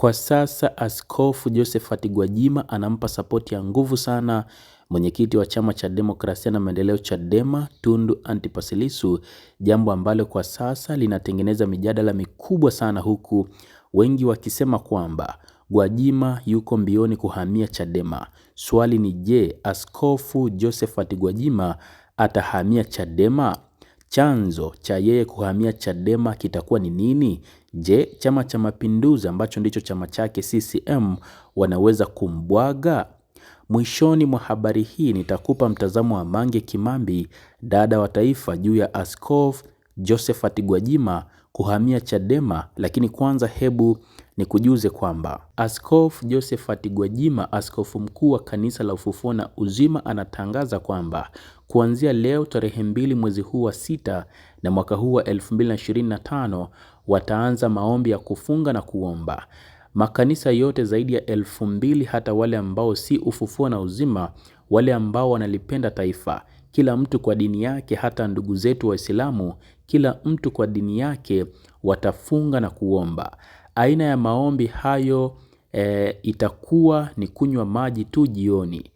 Kwa sasa Askofu Josephat Gwajima anampa sapoti ya nguvu sana mwenyekiti wa chama cha demokrasia na maendeleo Chadema Tundu Antipas Lissu, jambo ambalo kwa sasa linatengeneza mijadala mikubwa sana, huku wengi wakisema kwamba Gwajima yuko mbioni kuhamia Chadema. Swali ni je, Askofu Josephat Gwajima atahamia Chadema? chanzo cha yeye kuhamia Chadema kitakuwa ni nini? Je, Chama cha Mapinduzi ambacho ndicho chama chake CCM wanaweza kumbwaga? Mwishoni mwa habari hii nitakupa mtazamo wa Mange Kimambi, dada wa taifa, juu ya Askofu Josephat Gwajima kuhamia Chadema, lakini kwanza hebu ni kujuze kwamba Askofu Josephat Gwajima, askofu mkuu wa Kanisa la Ufufuo na Uzima, anatangaza kwamba kuanzia leo tarehe mbili mwezi huu wa sita na mwaka huu wa 2025 wataanza maombi ya kufunga na kuomba. Makanisa yote zaidi ya elfu mbili hata wale ambao si Ufufuo na Uzima, wale ambao wanalipenda taifa, kila mtu kwa dini yake, hata ndugu zetu Waislamu, kila mtu kwa dini yake watafunga na kuomba. Aina ya maombi hayo e, itakuwa ni kunywa maji tu jioni.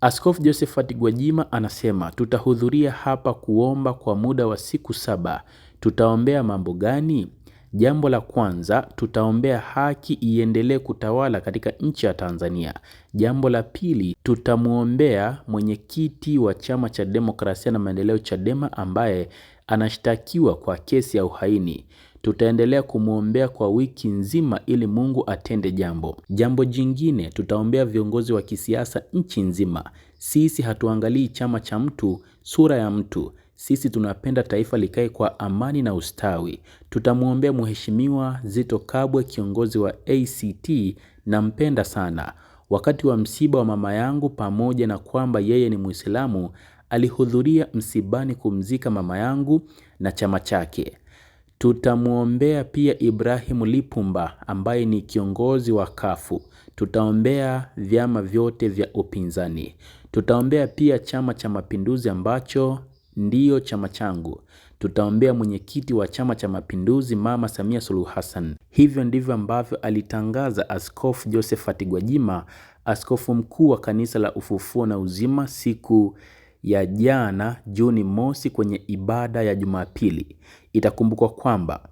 Askofu Josephat Gwajima anasema tutahudhuria hapa kuomba kwa muda wa siku saba. Tutaombea mambo gani? Jambo la kwanza, tutaombea haki iendelee kutawala katika nchi ya Tanzania. Jambo la pili, tutamwombea mwenyekiti wa chama cha demokrasia na maendeleo Chadema ambaye anashtakiwa kwa kesi ya uhaini. Tutaendelea kumwombea kwa wiki nzima ili Mungu atende jambo. Jambo jingine, tutaombea viongozi wa kisiasa nchi nzima. Sisi hatuangalii chama cha mtu, sura ya mtu. Sisi tunapenda taifa likae kwa amani na ustawi. Tutamwombea Mheshimiwa Zito Kabwe, kiongozi wa ACT, nampenda sana. Wakati wa msiba wa mama yangu, pamoja na kwamba yeye ni Mwislamu, alihudhuria msibani kumzika mama yangu na chama chake. Tutamwombea pia Ibrahim Lipumba ambaye ni kiongozi wa kafu. Tutaombea vyama vyote vya upinzani. Tutaombea pia Chama cha Mapinduzi ambacho ndiyo chama changu. Tutaombea mwenyekiti wa Chama cha Mapinduzi Mama Samia Suluhu Hassan. Hivyo ndivyo ambavyo alitangaza Askofu Josephat Gwajima, askofu mkuu wa Kanisa la Ufufuo na Uzima siku ya jana Juni mosi kwenye ibada ya Jumapili. Itakumbukwa kwamba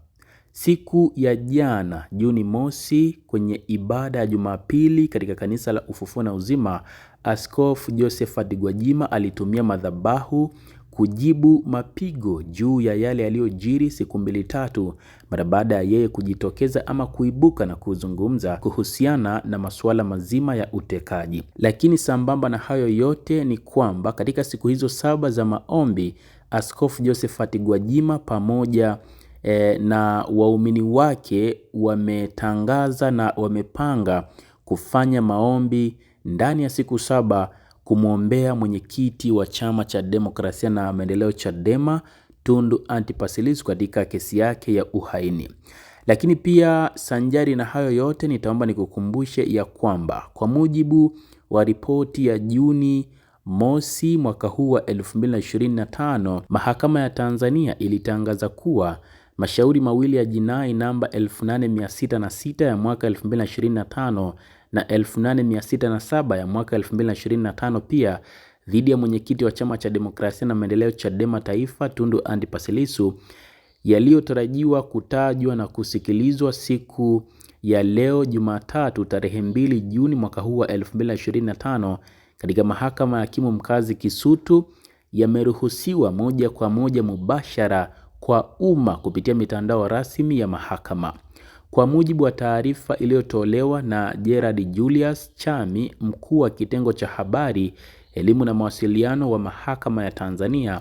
siku ya jana Juni mosi kwenye ibada ya Jumapili katika kanisa la Ufufuo na Uzima, Askofu Josephat Gwajima alitumia madhabahu kujibu mapigo juu ya yale yaliyojiri siku mbili tatu mara baada ya yeye kujitokeza ama kuibuka na kuzungumza kuhusiana na masuala mazima ya utekaji. Lakini sambamba na hayo yote ni kwamba katika siku hizo saba za maombi, Askofu Josephat Gwajima pamoja e, na waumini wake wametangaza na wamepanga kufanya maombi ndani ya siku saba kumwombea mwenyekiti wa chama cha demokrasia na maendeleo Chadema Tundu Antipas Lissu katika kesi yake ya uhaini. Lakini pia sanjari na hayo yote, nitaomba nikukumbushe ya kwamba kwa mujibu wa ripoti ya Juni mosi mwaka huu wa 2025 mahakama ya Tanzania ilitangaza kuwa mashauri mawili ya jinai namba 8606 ya mwaka 2025 na 8607 ya mwaka 2025 pia dhidi ya mwenyekiti wa chama cha demokrasia na maendeleo Chadema Taifa Tundu Antipas Lissu yaliyotarajiwa kutajwa na kusikilizwa siku ya leo Jumatatu tarehe mbili Juni mwaka huu wa 2025 katika mahakama ya hakimu mkazi Kisutu yameruhusiwa moja kwa moja mubashara kwa umma kupitia mitandao rasmi ya mahakama. Kwa mujibu wa taarifa iliyotolewa na Gerard Julius Chami, mkuu wa kitengo cha habari, elimu na mawasiliano wa mahakama ya Tanzania,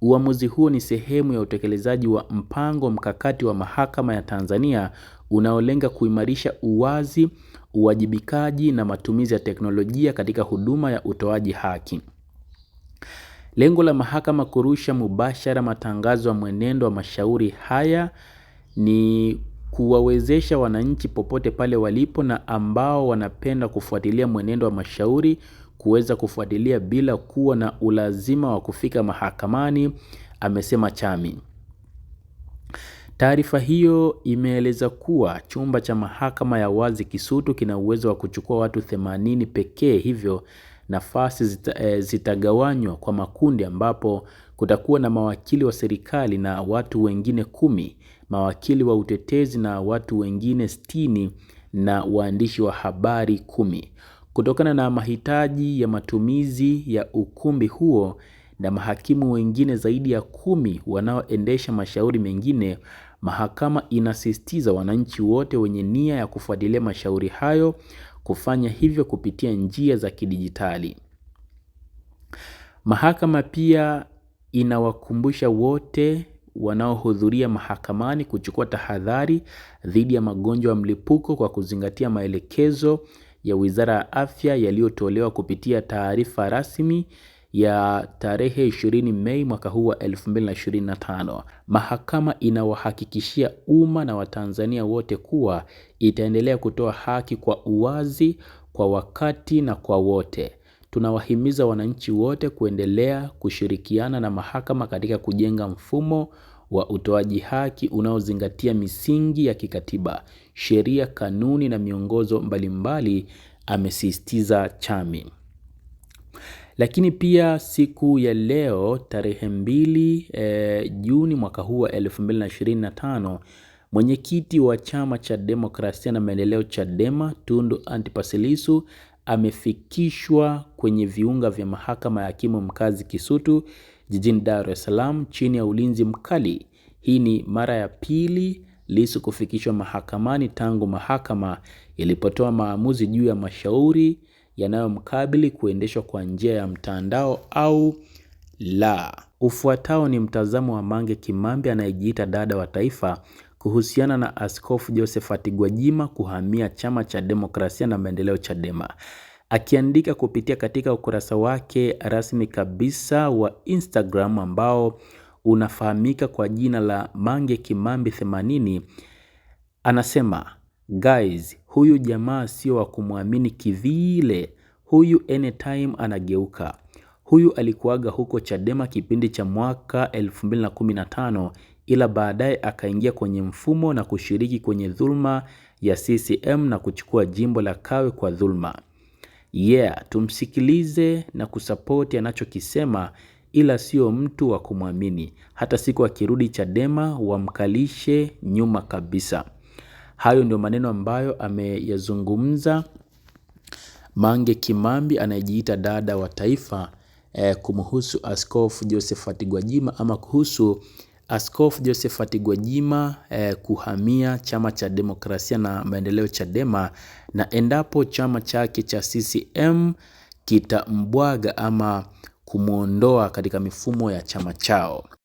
uamuzi huo ni sehemu ya utekelezaji wa mpango mkakati wa mahakama ya Tanzania unaolenga kuimarisha uwazi, uwajibikaji na matumizi ya teknolojia katika huduma ya utoaji haki. Lengo la mahakama kurusha mubashara matangazo ya mwenendo wa mashauri haya ni kuwawezesha wananchi popote pale walipo na ambao wanapenda kufuatilia mwenendo wa mashauri kuweza kufuatilia bila kuwa na ulazima wa kufika mahakamani, amesema Chami. Taarifa hiyo imeeleza kuwa chumba cha mahakama ya wazi Kisutu kina uwezo wa kuchukua watu 80 pekee, hivyo nafasi zita, e, zitagawanywa kwa makundi ambapo kutakuwa na mawakili wa serikali na watu wengine kumi, mawakili wa utetezi na watu wengine sitini na waandishi wa habari kumi. Kutokana na mahitaji ya matumizi ya ukumbi huo na mahakimu wengine zaidi ya kumi wanaoendesha mashauri mengine, mahakama inasisitiza wananchi wote wenye nia ya kufuatilia mashauri hayo kufanya hivyo kupitia njia za kidijitali. Mahakama pia inawakumbusha wote wanaohudhuria mahakamani kuchukua tahadhari dhidi ya magonjwa ya mlipuko kwa kuzingatia maelekezo ya Wizara ya Afya yaliyotolewa kupitia taarifa rasmi ya tarehe 20 Mei mwaka huu wa 2025, mahakama inawahakikishia umma na Watanzania wote kuwa itaendelea kutoa haki kwa uwazi, kwa wakati na kwa wote. Tunawahimiza wananchi wote kuendelea kushirikiana na mahakama katika kujenga mfumo wa utoaji haki unaozingatia misingi ya kikatiba, sheria, kanuni na miongozo mbalimbali, amesisitiza Chami. Lakini pia siku ya leo tarehe mbili e, Juni mwaka huu wa 2025 mwenyekiti wa chama cha demokrasia na maendeleo Chadema Tundu Antipas Lissu amefikishwa kwenye viunga vya mahakama ya hakimu mkazi Kisutu jijini Dar es Salaam chini ya ulinzi mkali. Hii ni mara ya pili Lissu kufikishwa mahakamani tangu mahakama ilipotoa maamuzi juu ya mashauri yanayomkabili kuendeshwa kwa njia ya mtandao au la. Ufuatao ni mtazamo wa Mange kimambi anayejiita dada wa taifa kuhusiana na Askofu Josephat Gwajima kuhamia Chama cha Demokrasia na Maendeleo Chadema. Akiandika kupitia katika ukurasa wake rasmi kabisa wa Instagram ambao unafahamika kwa jina la Mange Kimambi 80, anasema guys, huyu jamaa sio wa kumwamini kivile, huyu anytime anageuka. Huyu alikuaga huko Chadema kipindi cha mwaka 2015 ila baadaye akaingia kwenye mfumo na kushiriki kwenye dhulma ya CCM na kuchukua jimbo la Kawe kwa dhulma. Yeah, tumsikilize na kusapoti anachokisema ila sio mtu wa kumwamini. Hata siku akirudi Chadema wamkalishe nyuma kabisa. Hayo ndio maneno ambayo ameyazungumza Mange Kimambi anayejiita dada wa taifa eh, kumhusu Askofu Josephat Gwajima ama kuhusu Askofu Josephat Gwajima eh, kuhamia chama cha demokrasia na maendeleo Chadema, na endapo chama chake cha CCM kitambwaga ama kumwondoa katika mifumo ya chama chao.